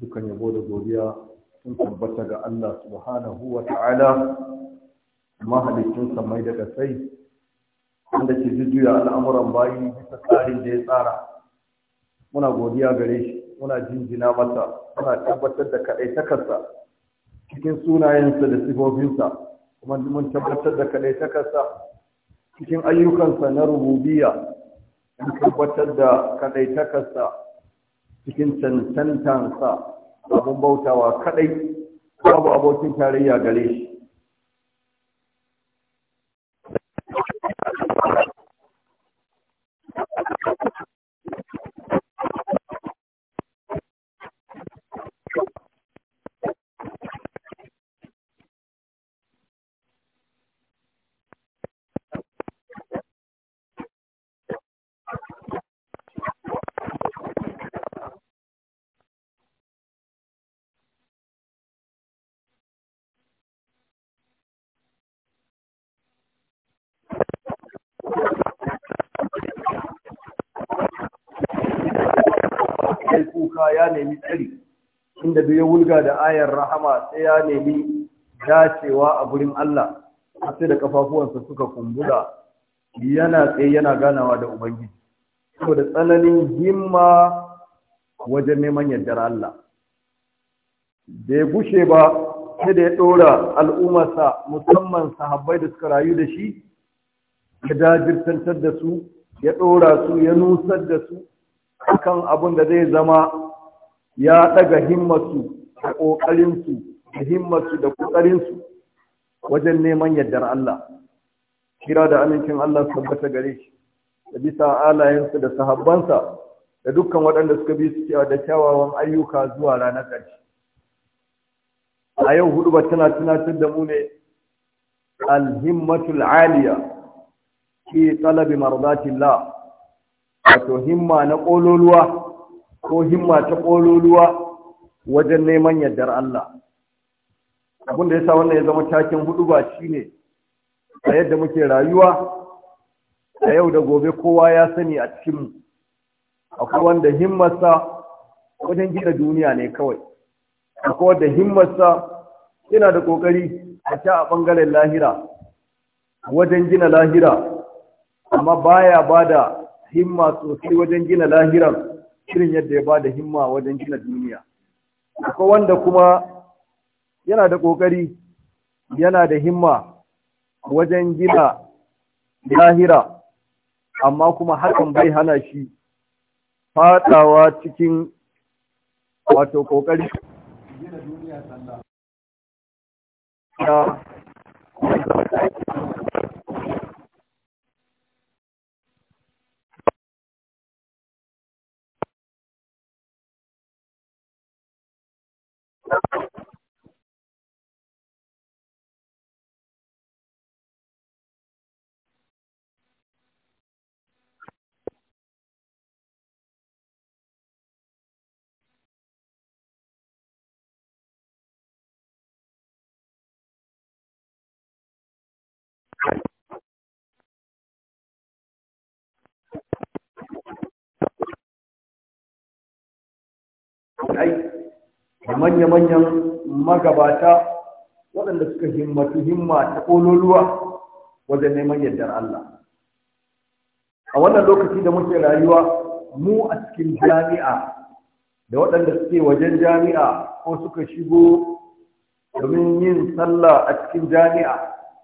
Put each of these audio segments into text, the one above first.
dukan yabo da godiya sun tabbata ga Allah subhanahu wa ta'ala mahalicin samai da kasai wanda ke jujjuya al'amuran bayi bisa tsarin da ya tsara muna godiya gare shi muna jinjina masa muna tabbatar da kaɗaitakarsa cikin sunayensa da sifofinsa kuma mun tabbatar da kaɗaitakarsa cikin ayyukansa na rububiya mun tabbatar da kaɗaitakarsa cikin cancantansa abin bautawa kadai babu abokin tarayya gare shi yi kuka ya nemi tsari inda bai ya wulga da ayar rahama sai ya nemi dacewa a gurin Allah sai da kafafuwansa suka kumbura yana tsaye yana ganawa da ubangiji saboda tsananin himma wajen neman yardar Allah bai gushe ba sai da ya ɗora al'ummarsa musamman sahabbai da suka rayu da shi ya dajirtantar da su ya ɗora su ya nusar da su akan abun da zai zama ya daga himmatu da ƙoƙarinsu da himmatu da ƙoƙarinsu wajen neman yardar Allah kira da amincin Allah tabbata gare shi da bisa alayensa da sahabbansa da dukkan waɗanda suka bi su cewa da kyawawan ayyuka zuwa ranar ƙarshe a yau hudu ba tana tunatar da mu ne alhimmatul aliya ki talabi mardatillah wato himma na ƙololuwa ko himma ta ƙololuwa wajen neman yardar Allah abin da ya sa wannan ya zama cakin hudu ba shine a yadda muke rayuwa a yau da gobe kowa ya sani a cikinmu akwai wanda himmarsa wajen gina duniya ne kawai akwai wanda himmarsa yana da ƙoƙari a ta a ɓangaren lahira wajen gina lahira amma baya bada himma sosai wajen gina lahiran shirin yadda ya ba da himma wajen gina duniya akwai wanda kuma yana da ƙoƙari yana da himma wajen gina lahira amma kuma hakan bai hana shi fadawa cikin wato ƙoƙari gina duniya sallah tabi'ai da manya-manyan magabata waɗanda suka himmatu himma ta ƙololuwa wajen neman yardar Allah a wannan lokaci da muke rayuwa mu a cikin jami'a da waɗanda suke wajen jami'a ko suka shigo domin yin sallah a cikin jami'a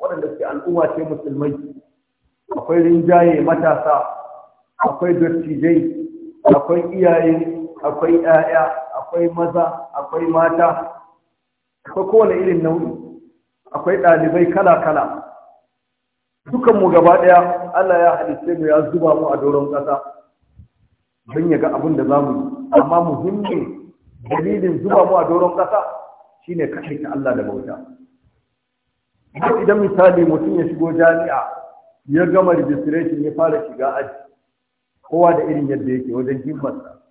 waɗanda suke al'umma ce musulmai akwai rinjaye matasa akwai dattijai akwai iyaye akwai 'ya'ya akwai maza akwai mata akwai kowane irin nau'i akwai ɗalibai kala-kala dukan mu gaba ɗaya Allah ya halitta mu ya zuba mu a doron ƙasa don ya ga abin da za mu yi amma muhimmin dalilin zuba mu a doron ƙasa shine kaɗai ta Allah da bauta yau idan misali mutum ya shigo jami'a ya gama registration ya fara shiga aji kowa da irin yadda yake wajen himmarsa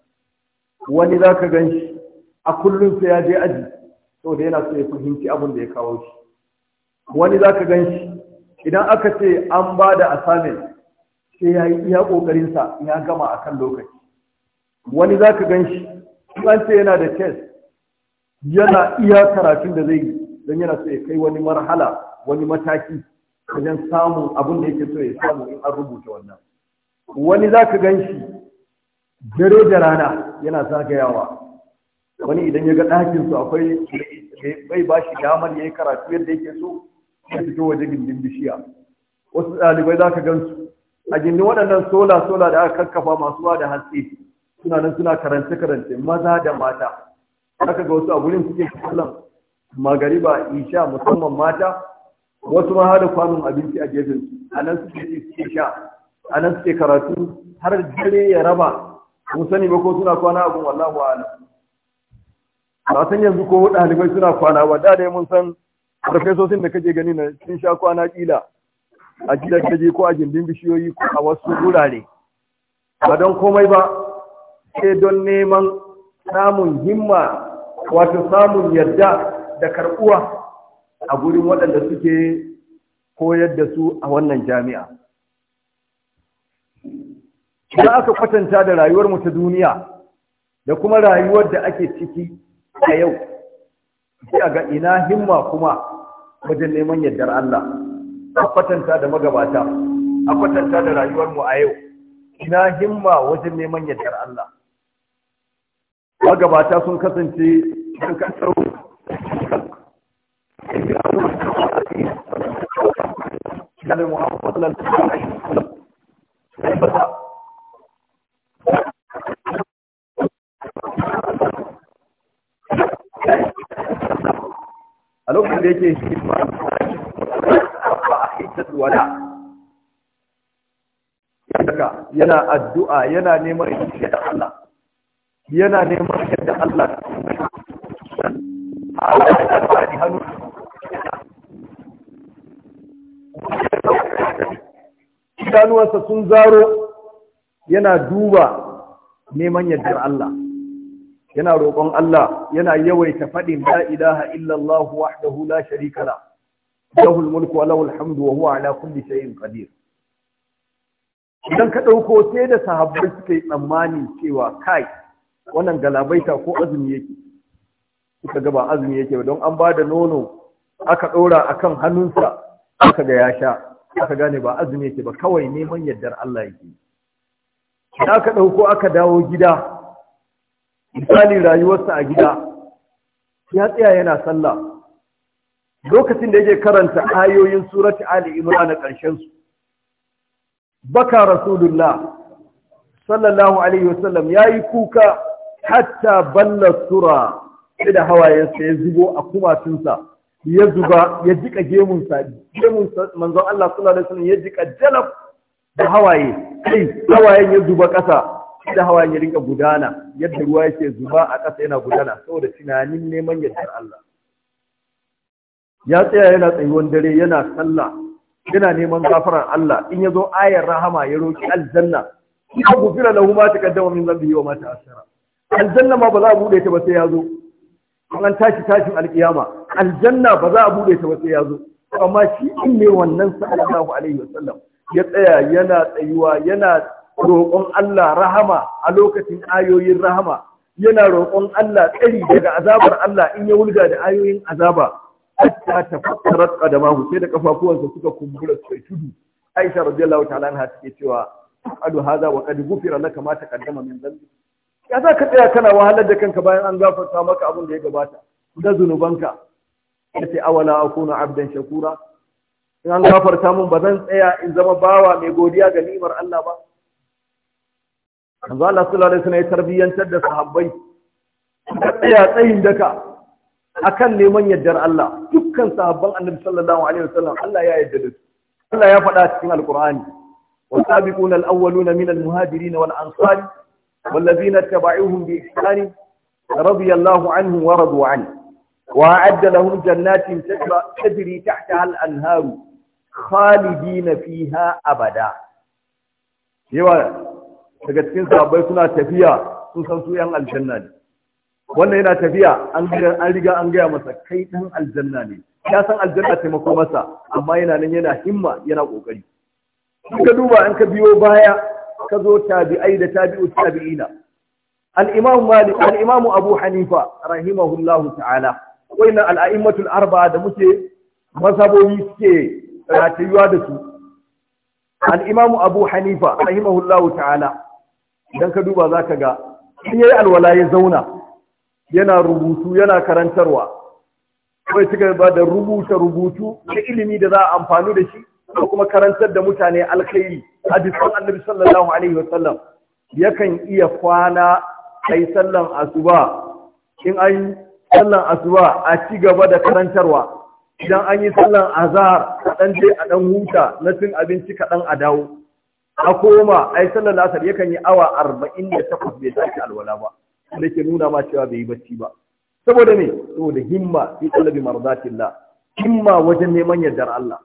wani za ka gan shi a kullum sai ya je aji saboda yana so ya fahimci abin da ya kawo shi wani za ka gan shi idan aka ce an ba da assignment sai ya yi iya ƙoƙarinsa ya gama a kan lokaci wani za ka gan shi an ce yana da kes yana iya karatun da zai yi don yana so ya kai wani marhala wani mataki wajen samun abin da yake so ya samu in an rubuta wannan wani za ka gan shi dare da rana yana zagayawa wani idan ya ga ɗakin su akwai bai ba shi damar ya yi karatu yadda yake so ya fito waje gindin bishiya wasu ɗalibai za ka gansu a gindin waɗannan sola sola da aka kakkafa masu ba da hantsi suna nan suna karance karance maza da mata aka ga wasu a gurin suke kallon magariba isha musamman mata wasu ma hada kwanon abinci a gefen a nan suke sha a nan suke karatu har dare ya raba mun sani ba ko suna kwana abun wallahu a'lam ba san yanzu ko ɗalibai suna kwana ba da dai mun san farfesosin da kake gani na sun sha kwana kila a gidan kaje ko a gindin bishiyoyi ko a wasu wurare ba don komai ba sai don neman samun himma wato samun yarda da karbuwa a gurin waɗanda suke koyar da su a wannan jami'a da aka kwatanta da rayuwar mu ta duniya da kuma rayuwar da ake ciki a yau sai a ga ina himma kuma wajen neman yardar Allah a kwatanta da magabata a kwatanta da rayuwar mu a yau ina himma wajen neman yardar Allah magabata sun kasance sun kasance Nabi Muhammad sallallahu alaihi yake shi ba yana addu'a yana neman yake da Allah yana neman yake da Allah idanuwarsa sun zaro yana duba neman yadda Allah yana roƙon Allah yana yawaita faɗin la ilaha illallah wahdahu la sharika la lahul mulku wa lahul hamdu wa huwa ala kulli shay'in qadir idan ka ɗauko sai da sahabbai suka yi tsammani cewa kai wannan galabaita ko azumi yake suka ga ba azumi yake ba don an ba da nono aka ɗora akan hannunsa aka ga ya sha aka gane ba azumi yake ba kawai neman yardar Allah yake idan ka ɗauko aka dawo gida misali rayuwarsa a gida ya tsaya yana sallah lokacin da yake karanta ayoyin surati ali imran na ƙarshen su baka rasulullah sallallahu alaihi wasallam yayi kuka hatta balla sura sai da hawayensa ya zubo a kumatunsa ya zuba ya jika gemunsa gemunsa manzon Allah sallallahu alaihi wasallam ya jika jalab da hawaye kai hawayen ya zuba ƙasa da hawa ya rinka gudana yadda ruwa yake zuba a ƙasa yana gudana saboda tunanin neman yardar Allah ya tsaya yana tsayuwan dare yana sallah yana neman gafaran Allah in ya zo ayar rahama ya roki aljanna ka gufira lahu ma taqaddama min dhanbihi wa ma ta'akhkhara aljanna ma ba za a bude ta ba sai ya zo an tashi tashin alkiyama aljanna ba za a bude ta ba sai ya zo amma shi ne wannan sallallahu alaihi wasallam ya tsaya yana tsayuwa yana roƙon Allah rahama a lokacin ayoyin rahama yana roƙon Allah tsari daga azabar Allah in ya wulga da ayoyin azaba hatta ta da mahu sai da kafafuwansa suka kumbura sai tudu Aisha radiyallahu ta'ala anha take cewa adu hadha wa qad ghufira laka ma taqaddama min dhanbi ya za ka tsaya kana wahalar da kanka bayan an gafarta maka abin da ya gabata da zunubanka yace awala akuna abdan shakura in an gafarta mun ba zan tsaya in zama bawa mai godiya ga ni'imar Allah ba Yanzu Allah su da suna ya tarbiyyantar da sahabbai, ɗaya tsayin daka Akan kan neman yaddar Allah, dukkan sahabban annabi sallallahu Alaihi wasallam Allah ya yadda Allah ya faɗa cikin Al-Qur'ani, wa sabi ƙuna na minal muhajiri na wani ansari, wallazi na taba'i hun bi ikani, rabi Anhu an wa radu an, wa adda da hun jannatin tajiri ta ta al’anharu, khalidi na fiha abada. Yawa daga cikin sahabbai suna tafiya sun san su yan aljanna ne wannan yana tafiya an an riga an gaya masa kai dan aljanna ne ya san aljanna taimako masa amma yana nan yana himma yana kokari ka duba an ka biyo baya ka zo tabi'ai da tabi'u tabi'ina al-imam malik al abu hanifa rahimahullahu ta'ala wayna al arba'a da muke masabobi suke ratayuwa da su al-imam abu hanifa rahimahullahu ta'ala idan ka duba za ka ga in yayi alwala ya zauna yana rubutu yana karantarwa kawai suka ba da rubuta rubutu da ilimi da za a amfani da shi ko kuma karantar da mutane alkhairi hadisan annabi sallallahu alaihi Sallam. yakan iya kwana ai sallan asuba in an sallan asuba a ci gaba da karantarwa idan an yi sallan azhar a dan je a dan huta na cin abinci kaɗan a dawo a koma ai sallar lasar yakan yi awa arba'in da takwas bai tashi alwala ba da ke nuna ma cewa bai yi bacci ba saboda me saboda himma fi talabi mardatillah himma wajen neman yardar Allah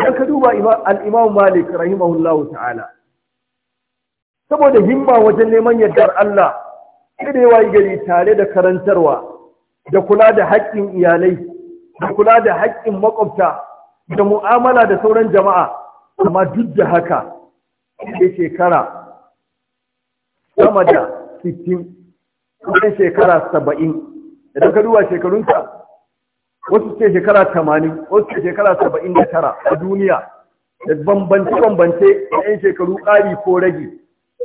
idan ka duba al-Imam Malik rahimahullahu ta'ala saboda himma wajen neman yardar Allah sai da yawa gari tare da karantarwa da kula da haƙƙin iyalai da kula da haƙƙin makwabta da mu'amala da sauran jama'a amma duk da haka sai shekara sama da 60 kusan shekara 70 idan ka duba shekarunsa wasu ce shekara 80 wasu ce shekara 79 a duniya da bambance-bambance yan shekaru ƙari ko rage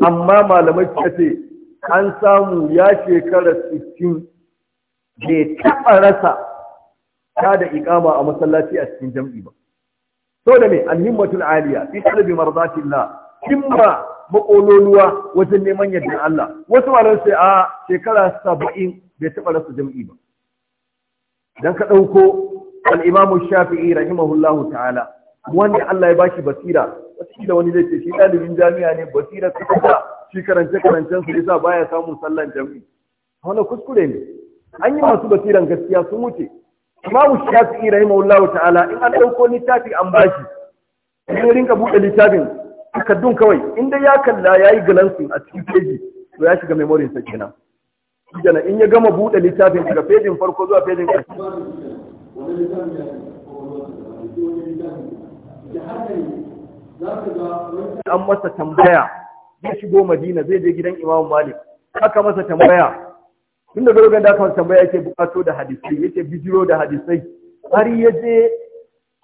amma malamai suka ce an samu ya shekara 60 bai taɓa rasa ta da ikama a masallaci a cikin jam'i ba so da me alhimmatul aliya fi qalbi mardatillah himma makololuwa wajen neman yadda Allah wasu malan sai a shekara saba'in bai taba rasa jam'i ba dan ka ɗauko al-imamu shafi'i rahimahullahu ta'ala wanda Allah ya bashi basira da wani zai ce shi dalibin jami'a ne basira ta shi karance karancen su yasa baya samun sallan jami'i wannan kuskure ne an yi masu basiran gaskiya sun wuce imamu shafi'i rahimahullahu ta'ala in an ɗauko littafi an bashi in rinka buɗe littafin takaddun kawai in dai ya kalla ya yi galansin a cikin peji to ya shiga memory sa kenan jana in ya gama buɗe littafin daga pejin farko zuwa pejin ƙarshe an masa tambaya ya shigo madina zai je gidan imamu malik aka masa tambaya tun da zarobin da kan tambaya yake bukato da hadisai yake bijiro da hadisai har ya je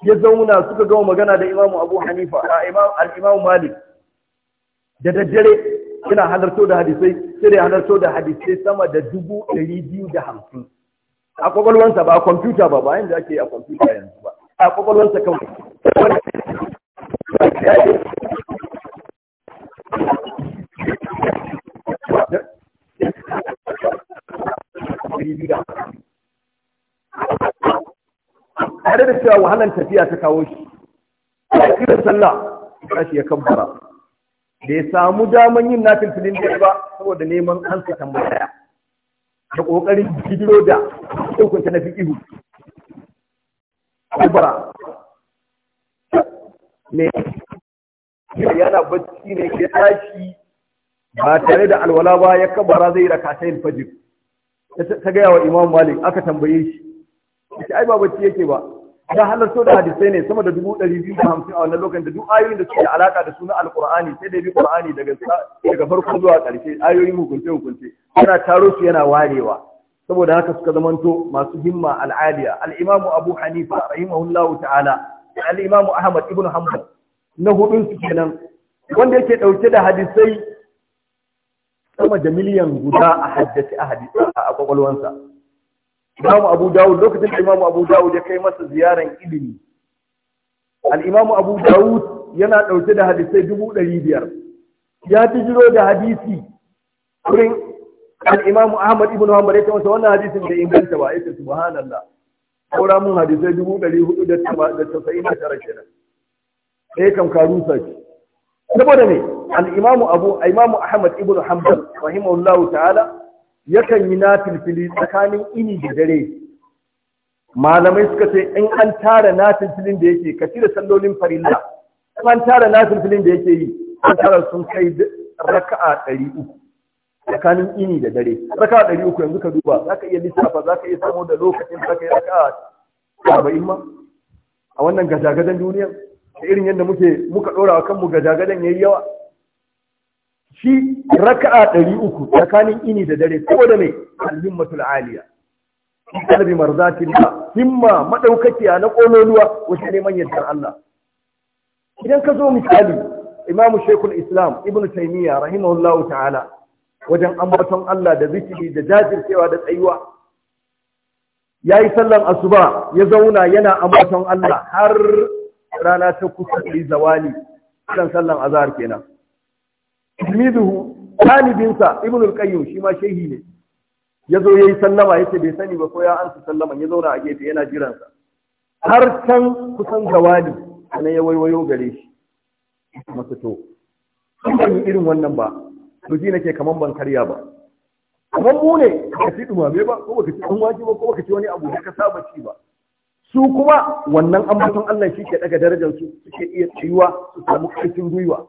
ya zauna suka gama magana da imamu abu hanifa a imam al-imamu malik da daddare yana halarto da hadisai sai da halarto da hadisai sama da dubu ɗari biyu da hamsin a kwakwalwansa ba a kwamfuta ba ba yadda ake a kwamfuta yanzu ba a kwakwalwansa kawai ɗari da tare da cewa wahalar tafiya ta kawo shi a kira sallah shi ya kabbara bai samu daman yin nafin filin da ba saboda neman hansa tambaya da ƙoƙarin jidiro da hukunta na fiƙihu kabbara ne yana bacci ne ya tashi ba tare da alwala ba ya kabbara zai rakatai fajir ta gaya wa imam malik aka tambaye shi yace ai ba bacci yake ba ta halarto da hadisai ne sama da dubu ɗari biyu da hamsin a wannan lokacin da duk ayoyin da suke alaka alaƙa da suna alƙur'ani sai da bi ƙur'ani daga daga farko zuwa ƙarshe ayoyin hukunce hukunce yana taro su yana warewa saboda haka suka zamanto masu himma al'aliya al'imamu abu hanifa rahimahullahu ta'ala al'imamu ahmad ibn hanbal na hudun su kenan wanda yake ɗauke da hadisai sama da miliyan guda a haddace a hadisi a kwakwalwansa imamu abu dawud lokacin da imamu abu dawud ya kai masa ziyaran ilimi al abu dawud yana ɗauke da hadisai dubu ɗari biyar ya jiro da hadisi wurin al ahmad ibn hanbal ya masa wannan hadisin da inganta ba yace subhanallah Kora mun hadisai dubu ɗari hudu da tasa'in da tara kenan eh kam ka rusa shi saboda ne al-imamu abu imamu ahmad ibnu hanbal rahimahullahu ta'ala yakan yi nafilfili tsakanin ini da dare malamai suka ce in an tara nafilfilin da yake ka da sallolin farilla in an tara nafilfilin da yake yi an tara sun kai raka'a ɗari uku tsakanin ini da dare raka'a ɗari uku yanzu ka duba za ka iya lissafa za ka iya samo da lokacin za ka yi raka'a arba'in ma a wannan gajagajen duniya? da irin yadda muke muka ɗora wa kanmu gajagajen ya yi yawa shi raka'a ɗari uku tsakanin ini da dare ko da mai al-himmatul aliya kalbi marzatin ba himma madaukakiya na kololuwa waje neman yardar Allah idan ka zo misali imam shekul islam ibn taymiya rahimahullahu ta'ala wajen ambaton Allah da zikiri da jajircewa da tsayuwa yayi sallan asuba ya zauna yana ambaton Allah har rana ta kusa da zawali sallan azhar kenan tilmizuhu talibinsa ibn al-qayyim shi ma shehi ne yazo yayi sallama yace bai sani ba ko ya ansa sallama ya zauna a gefe yana jiran sa har can kusan gawali ana ya waiwayo gare shi masa to ban yi irin wannan ba to ji nake kaman ban karya ba kaman mu ne ka ci dumame ba ko baka ci an waje ba ko baka ci wani abu da ka saba ci ba su kuma wannan ambaton Allah shi ke daga darajar su suke iya ciwa su samu karfin gwiwa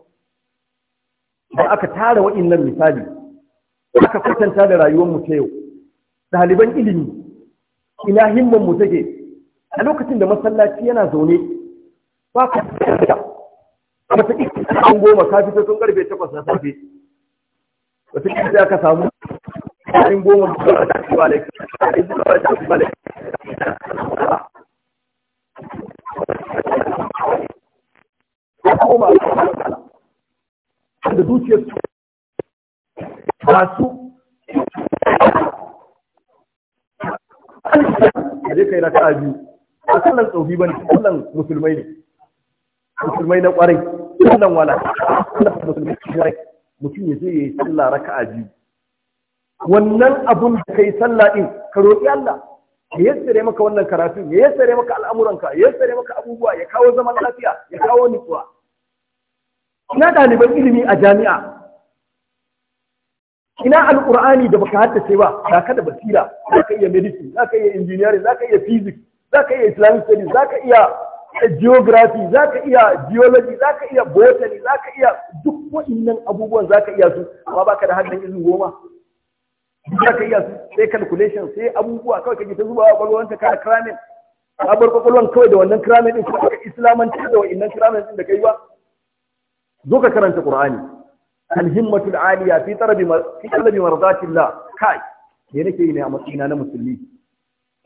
da aka tara wa'innan misali aka kwatanta da rayuwar mu ta yau ɗaliban ilimi ina himman mu take a lokacin da masallaci yana zaune ba ka tsaya wata ikon goma ka fito tun karfe takwas na safe wata ikon sai aka samu ɗin goma da ba ta ba, ta ba ta koma da dukiyar masu a zai kai raka'a biyu a sallan tsofi ba ne sallan musulmai ne musulmai na ƙwarai, sallan wala sallan musulmai na kwarai mutum ya zai ya yi sallah raka'a biyu wannan abun da kai sallah din ka roƙi Allah ya yassare maka wannan karatun ya yassare maka al'amuranka ya yassare maka abubuwa ya kawo zaman lafiya ya kawo nutsuwa ina ɗaliban ilimi a jami'a ina alƙur'ani da baka haddace ba za ka da basira za ka iya medicine za ka iya engineering za ka iya physics za ka iya islamic studies za ka iya eh, geography za ka iya geology za ka iya botany za ka iya duk waɗannan abubuwan za ka iya su amma baka da hannun izin goma za ka iya su sai calculation sai abubuwa kawai kake ta zubawa kwakwalwanta kana kramin ka bar kwakwalwan kawai da wannan kramin din kuma islamanci da wa'annan kramin din da kai ba zo ka karanta qur'ani alhimmatul aliya fi talabi fi talabi mardatillah kai me nake yi ne a matsayina na musulmi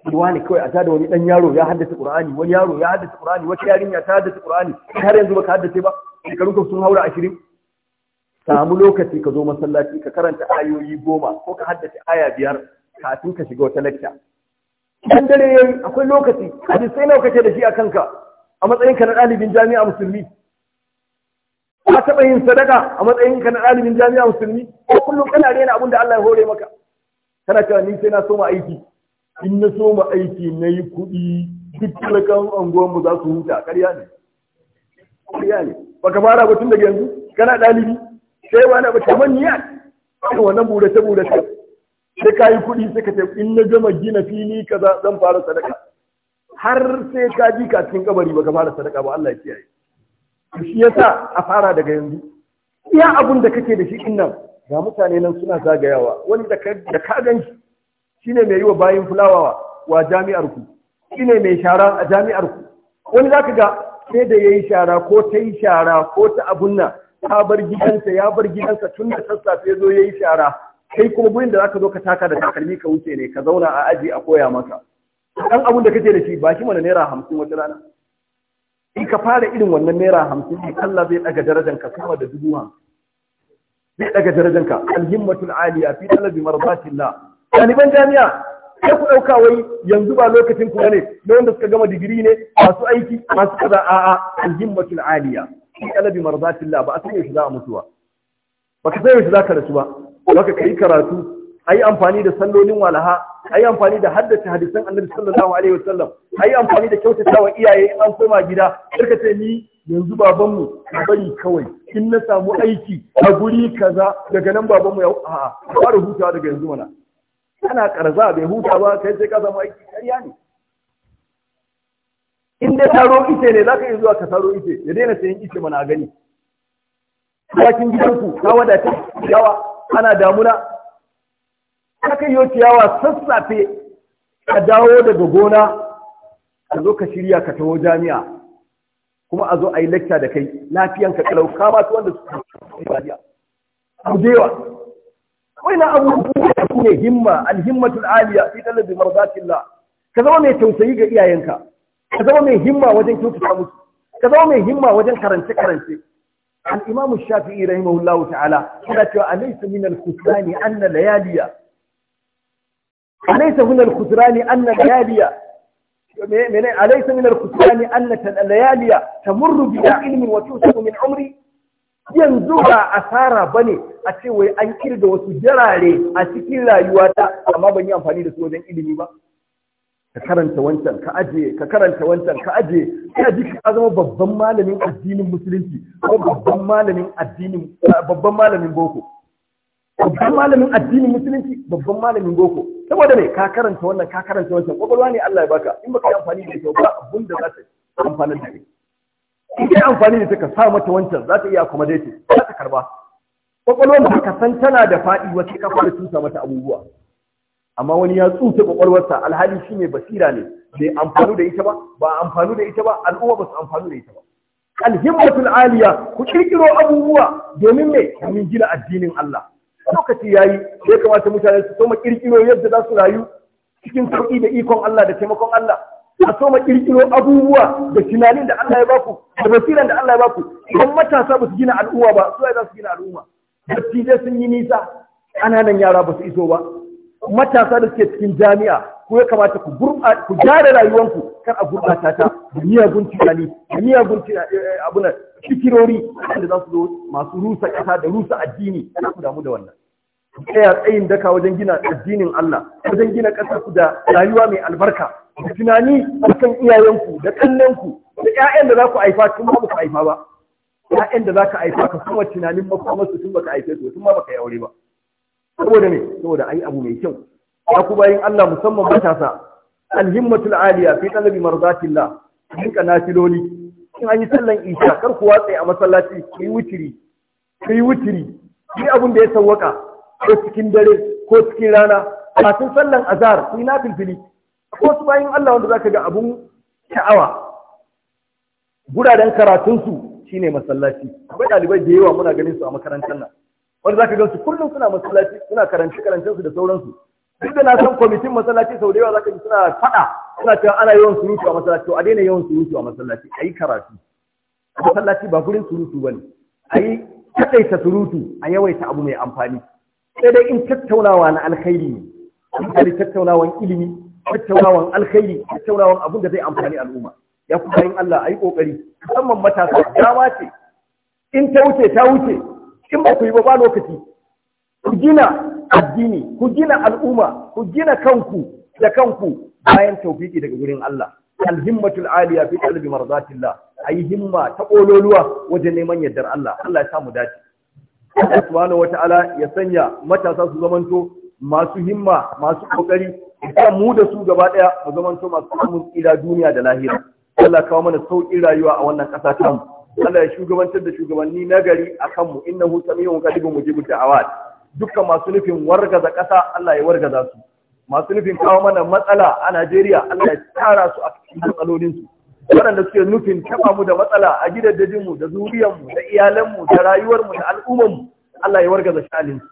ruwa ne kawai a tada wani dan yaro ya haddace qur'ani wani yaro ya haddace qur'ani wata yarinya ta haddace qur'ani har yanzu baka haddace ba shekarunka sun haura ashirin samu lokaci ka zo masallaci ka karanta ayoyi goma ko ka haddace aya biyar kafin ka shiga wata lacca. dan dare yayi akwai lokaci hadisai nawa kake da shi a kanka a matsayin na ɗalibin jami'a musulmi ka taɓa yin sadaka a matsayin ka na ɗalibin jami'a musulmi ko kullum kana rena abin da Allah ya hore maka kana cewa ni sai na soma aiki in na soma aiki na yi kuɗi duk talakan mu za su huta ƙarya ne ƙarya ne baka fara ba tun daga yanzu kana ɗalibi sai wani abu tamanniya irin wannan bude ta? sai ka yi kuɗi sai ka ce in na gama gina fili kaza zan fara sadaka har sai ka ji ka cikin kabari baka fara sadaka ba Allah ya kiyaye shi ya sa a fara daga yanzu iya abun da kake da shi innan, nan ga mutane nan suna zagayawa wani da ka gan shi shine mai yi wa bayin fulawa wa jami'ar ku shine mai shara a jami'ar ku wani zaka ga sai da yi shara ko ta yi shara ko ta abun nan ta bar gidansa ya bar gidansa tun da sassafe zo yi shara kai kuma gurin da za ka zo ka taka da takalmi ka wuce ne ka zauna a aji a koya maka dan abun da kake da shi ba shi mana naira hamsin wata rana in ka fara irin wannan naira hamsin ne Allah zai daga darajar ka sama da dubu hamsin zai daga darajar ka alhimmatul aliya fi talabi marbatillah daliban jami'a sai ku ɗauka wai yanzu ba lokacin ku ne na wanda suka gama digiri ne masu aiki masu kaza a'a alhimmatul aliya fi talabi marbatillah ba a san yaushe za a mutuwa ba ka san yaushe za ka rasu ba ka yi karatu ayi amfani da sallolin walaha ayi amfani da haddace hadisan annabi sallallahu alaihi wasallam ayi amfani da kyautatawa iyaye in an koma gida karka ce ni yanzu babanmu bari kawai in na samu aiki a guri kaza daga nan babanmu ya a'a fara hutawa daga yanzu mana kana karza bai huta ba kai sai ka samu aiki kariya ne in dai taro ice ne zaka iya zuwa ka taro ice ya daina sayin ice mana a gani Sarkin gidanku ta wadata yawa ana damuna aka yi ciyawa sassafe ka dawo daga gona ka zo ka shirya ka taho jami'a kuma a zo a yi lecture da kai lafiyan ka kalau ka masu wanda suka yi lafiya gujewa wai na abubuwa da ne himma alhimmatul aliya fi talabi marzatillah ka zama mai tausayi ga iyayenka ka zama mai himma wajen kyautata musu ka zama mai himma wajen karance karance al-imam shafi'i rahimahullahu ta'ala yana cewa alaysa min al-khusrani anna layaliya أليس من الخسران أن الليالي layaliya mene alaysa min al-khusrani anna layaliya tamurru yanzu ba asara bane a ce wai an kirga wasu jarare a cikin rayuwata amma ban yi amfani da su wajen ilimi ba ka karanta wancan ka aje ka karanta wancan ka aje ka ji ka zama babban malamin babban malamin babban malamin addinin musulunci babban malamin boko saboda ne ka karanta wannan ka karanta wancan kwakwalwa ne Allah ya baka in baka yi amfani da ita ba abun da za ta amfana da kai in kai amfani da ita ka sa mata wancan za ta iya accommodate za ta karba kwakwalwa takasan ka san tana da faɗi wasu ka fara tusa mata abubuwa amma wani ya tsufe kwakwalwarsa alhali shi ne basira ne bai amfani da ita ba ba amfani da ita ba al'umma ba su amfani da ita ba alhimmatul aliya ku kirkiro abubuwa domin me domin gina addinin Allah lokaci ya yi ya kamata mutane su soma ƙirƙiro yadda za su rayu cikin sauƙi da ikon Allah da taimakon Allah a soma ƙirƙiro abubuwa da tunanin da Allah ya baku da basiran da Allah ya baku idan matasa ba su gina al'umma ba su za su gina al'umma dattijai sun yi nisa ƙananan yara ba su iso ba matasa da suke cikin jami'a ko ya kamata ku ku gyara rayuwanku kar a gurɓata ta da miyagun tunani da miyagun eh, eh, abuna fikirori wanda za su zo masu rusa ƙasa da rusa addini za ku damu da wannan tsaya tsayin daka wajen gina addinin Allah wajen gina ƙasa ku da rayuwa mai albarka da tunani akan iyayenku da ƙannenku da ƴaƴan da za ku haifa tun ba ku haifa ba ƴaƴan da za ka haifa ka kuma tunanin makomarsu tun ba ka haife su tun ma ka yi aure ba saboda me saboda ayi abu mai kyau ya ku bayin Allah musamman matasa alhimmatul aliya fi talabi marzatillah dinka nafiloli in an yi sallan isha kar ku watsa a masallaci ku yi wutiri ku yi wutiri yi abin da ya sawwaka ko cikin dare ko cikin rana kafin sallan azhar ku yi nafilfili ko su bayan Allah wanda zaka ga abun sha'awa karatun su shine masallaci akwai dalibai da yawa muna ganin su a makarantar nan wanda zaka ga su kullum suna masallaci suna karanci karancensu da sauransu duk da na san kwamitin masallaci sau da yawa zaka ji suna faɗa suna cewa ana yawan surutu a masallaci a daina yawan surutu a masallaci a yi karatu masallaci ba gurin surutu ba ne a yi surutu a yawaita abu mai amfani sai dai in tattaunawa na alkhairi ne misali tattaunawan ilimi tattaunawan alkhairi tattaunawan abun da zai amfani al'umma ya kuma yin Allah a yi ƙoƙari musamman matasa dama ce in ta wuce ta wuce in ba ku yi ba ba lokaci ku gina addini ku gina al'umma ku gina kanku da kanku bayan tawfiki daga gurin Allah alhimmatul aliya fi qalbi marzatillah ayi himma ta kololuwa wajen neman yardar Allah Allah ya samu dace Allah subhanahu wataala ya sanya matasa su zamanto masu himma masu kokari ita mu da su gaba daya mu zamanto masu samun tsira duniya da lahira Allah kawo mana sauƙin rayuwa a wannan ƙasa ta mu Allah ya shugabantar da shugabanni nagari a kanmu innahu samiyun qadibun mujibud da'awat dukkan masu nufin wargaza ƙasa Allah ya wargaza su masu nufin kawo mana matsala a Najeriya Allah ya tara su a cikin matsalolinsu waɗanda suke nufin taɓa mu da matsala a gidajenmu da mu da mu da rayuwar mu, da mu Allah ya wargaza shalinsu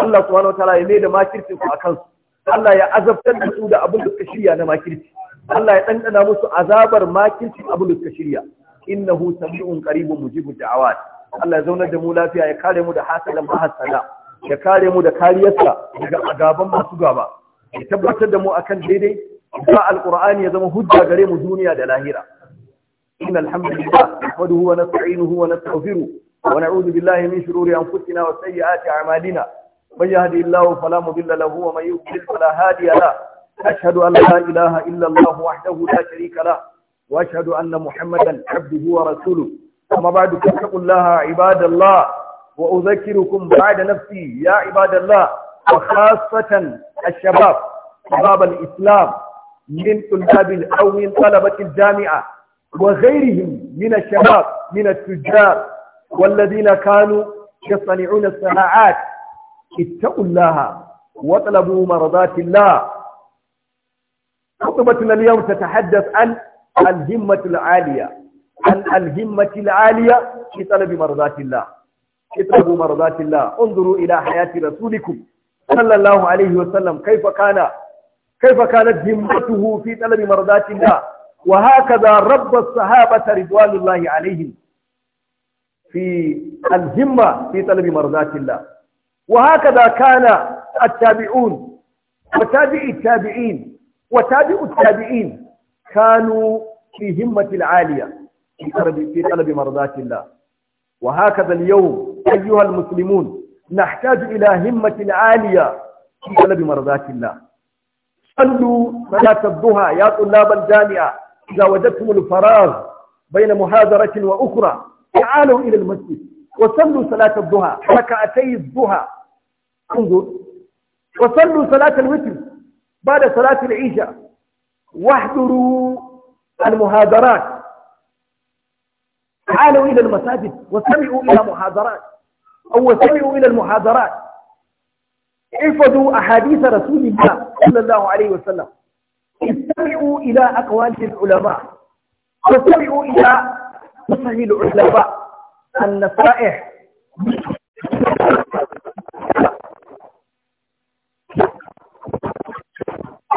Allah subhanahu wataala ya mai da makirci su a kansu Allah ya azabtar da su da abin da suka shirya na makirci Allah ya ɗanɗana musu azabar makirci abin da suka shirya innahu sami'un qaribun mujibud da'awat Allah ya zauna da mu lafiya ya kare mu da hasalan mahassala ya kare mu da kariyarsa daga agaban masu gaba ya tabbatar da mu akan daidai ba alqur'ani ya zama hujja gare mu duniya da lahira inna alhamdulillah nahmaduhu wa nasta'inuhu wa nastaghfiruh wa na'udhu billahi min shururi anfusina wa sayyiati a'malina may yahdihillahu fala mudilla lahu wa may yudlil fala hadiya lahu ashhadu an la ilaha illa allah wahdahu la sharika lahu wa ashhadu anna muhammadan abduhu wa rasuluh amma ba'du taqullaha ibadallah وأذكركم بعد نفسي يا عباد الله وخاصة الشباب شباب الإسلام من طلاب أو من طلبة الجامعة وغيرهم من الشباب من التجار والذين كانوا يصنعون الصناعات اتقوا الله واطلبوا مرضات الله خطبتنا اليوم تتحدث عن الهمة العالية عن الهمة العالية في طلب مرضات الله اتبعوا مرضات الله انظروا إلى حياة رسولكم صلى الله عليه وسلم كيف كان كيف كانت همته في طلب مرضات الله وهكذا رب الصحابة رضوان الله عليهم في الهمة في طلب مرضات الله وهكذا كان التابعون وتابع التابعين وتابع التابعين كانوا في همة العالية في طلب مرضات الله وهكذا اليوم أيها المسلمون نحتاج إلى همة عالية في طلب مرضات الله صلوا صلاة الضحى يا طلاب الجامعة إذا وجدتم الفراغ بين محاضرة وأخرى تعالوا إلى المسجد وصلوا صلاة الضحى ركعتي الضحى انظر وصلوا صلاة الوتر بعد صلاة العشاء واحضروا المحاضرات تعالوا إلى المساجد واستمعوا إلى محاضرات أو وسعوا إلى المحاضرات احفظوا أحاديث رسول الله صلى الله عليه وسلم استمعوا إلى أقوال العلماء واستمعوا إلى نصح العلماء النصائح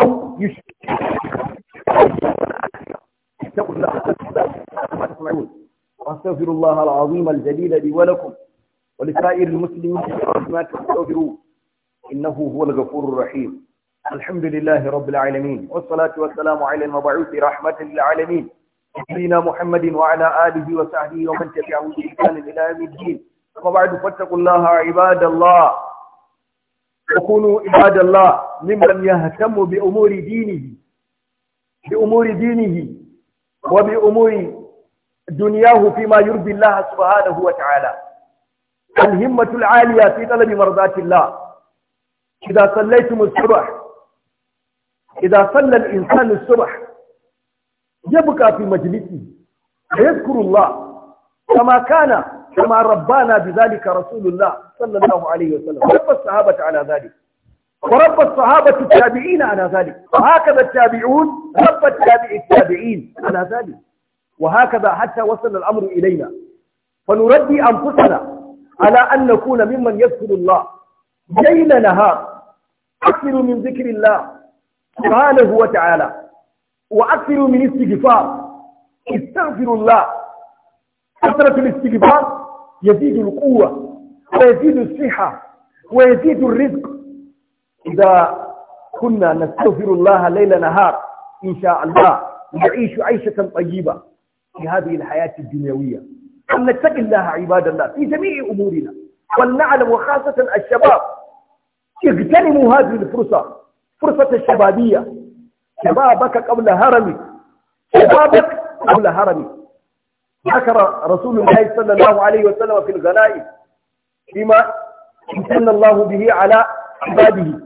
أو اتقوا وأستغفر الله العظيم الجليل لي ولكم ولسائر المسلمين ما تستغفروا إنه هو الغفور الرحيم الحمد لله رب العالمين والصلاة والسلام على المبعوث رحمة للعالمين سيدنا محمد وعلى آله وصحبه ومن تبعه بإحسان إلى يوم الدين وبعد فاتقوا الله عباد الله وكونوا عباد الله ممن يهتم بأمور دينه بأمور دينه وبأمور دنياه فيما يرضي الله سبحانه وتعالى الهمة العالية في طلب مرضاة الله إذا صليتم الصبح إذا صلى الإنسان الصبح يبقى في مجلسه ويذكر الله كما كان كما ربانا بذلك رسول الله صلى الله عليه وسلم ورب الصحابة على ذلك ورب الصحابة التابعين على ذلك وهكذا التابعون رب التابع التابعين على ذلك وهكذا حتى وصل الأمر إلينا فنربي أنفسنا على أن نكون ممن يذكر الله ليل نهار أكثر من ذكر الله سبحانه وتعالى وأكثر من استغفار استغفر الله كثرة الاستغفار يزيد القوة ويزيد الصحة ويزيد الرزق إذا كنا نستغفر الله ليل نهار إن شاء الله نعيش عيشة طيبة في هذه الحياة الدنيوية أن نتق الله عباد الله في جميع أمورنا ولنعلم وخاصة الشباب اغتنموا هذه الفرصة فرصة الشبابية شبابك قبل هرمك شبابك قبل هرمك ذكر رسول الله صلى الله عليه وسلم في الغنائم بما امتن الله به على عباده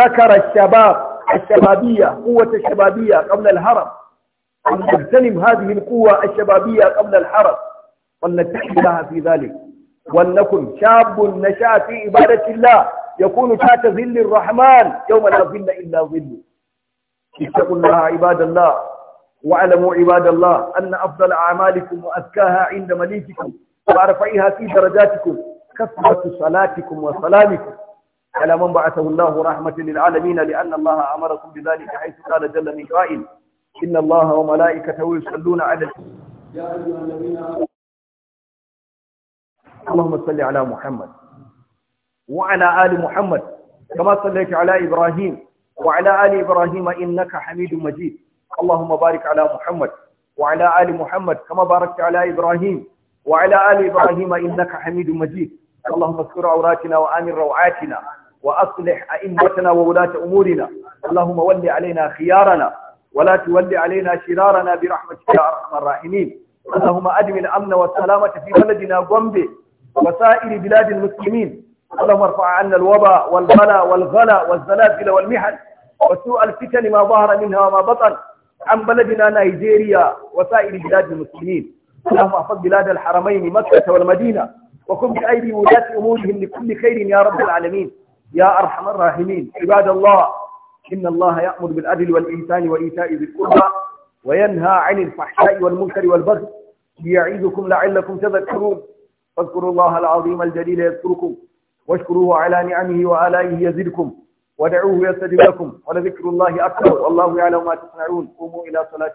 ذكر الشباب الشبابية قوة الشبابية قبل الهرم أن تغتنم هذه القوة الشبابية قبل الحرم فلنتق الله في ذلك ولنكن شاب نشا في عباده الله يكون تحت ظل الرحمن يوم لا ظل الا ظله اتقوا الله عباد الله واعلموا عباد الله ان افضل اعمالكم وازكاها عند مليككم وارفعها في درجاتكم كثره صلاتكم وسلامكم على من بعثه الله رحمه للعالمين لان الله امركم بذلك حيث قال جل من قائل ان الله وملائكته يصلون على يا ايها الذين امنوا اللهم صل على محمد وعلى آل محمد كما صليت على إبراهيم وعلى آل إبراهيم إنك حميد مجيد اللهم بارك على محمد وعلى آل محمد كما باركت على إبراهيم وعلى آل إبراهيم إنك حميد مجيد اللهم اذكر عوراتنا وآمن روعاتنا وأصلح أئمتنا وولاة أمورنا اللهم ول علينا خيارنا ولا تول علينا شرارنا برحمتك يا أرحم الراحمين اللهم أدم الأمن والسلامة في بلدنا غومبي وسائر بلاد المسلمين اللهم ارفع عنا الوباء والبلاء والغلا والزلازل والمحن وسوء الفتن ما ظهر منها وما بطن عن بلدنا نيجيريا وسائر بلاد المسلمين اللهم احفظ بلاد الحرمين مكة والمدينة وكن بأيدي ولاة أمورهم لكل خير يا رب العالمين يا أرحم الراحمين عباد الله إن الله يأمر بالعدل والانسان وإيتاء ذي القربى وينهى عن الفحشاء والمنكر والبغي ليعيدكم لعلكم تذكرون فاذكروا الله العظيم الجليل يذكركم واشكروه على نعمه وآلائه يزدكم ودعوه يستجب لكم ولذكر الله أكبر والله يعلم ما تصنعون قوموا إلى صلاتكم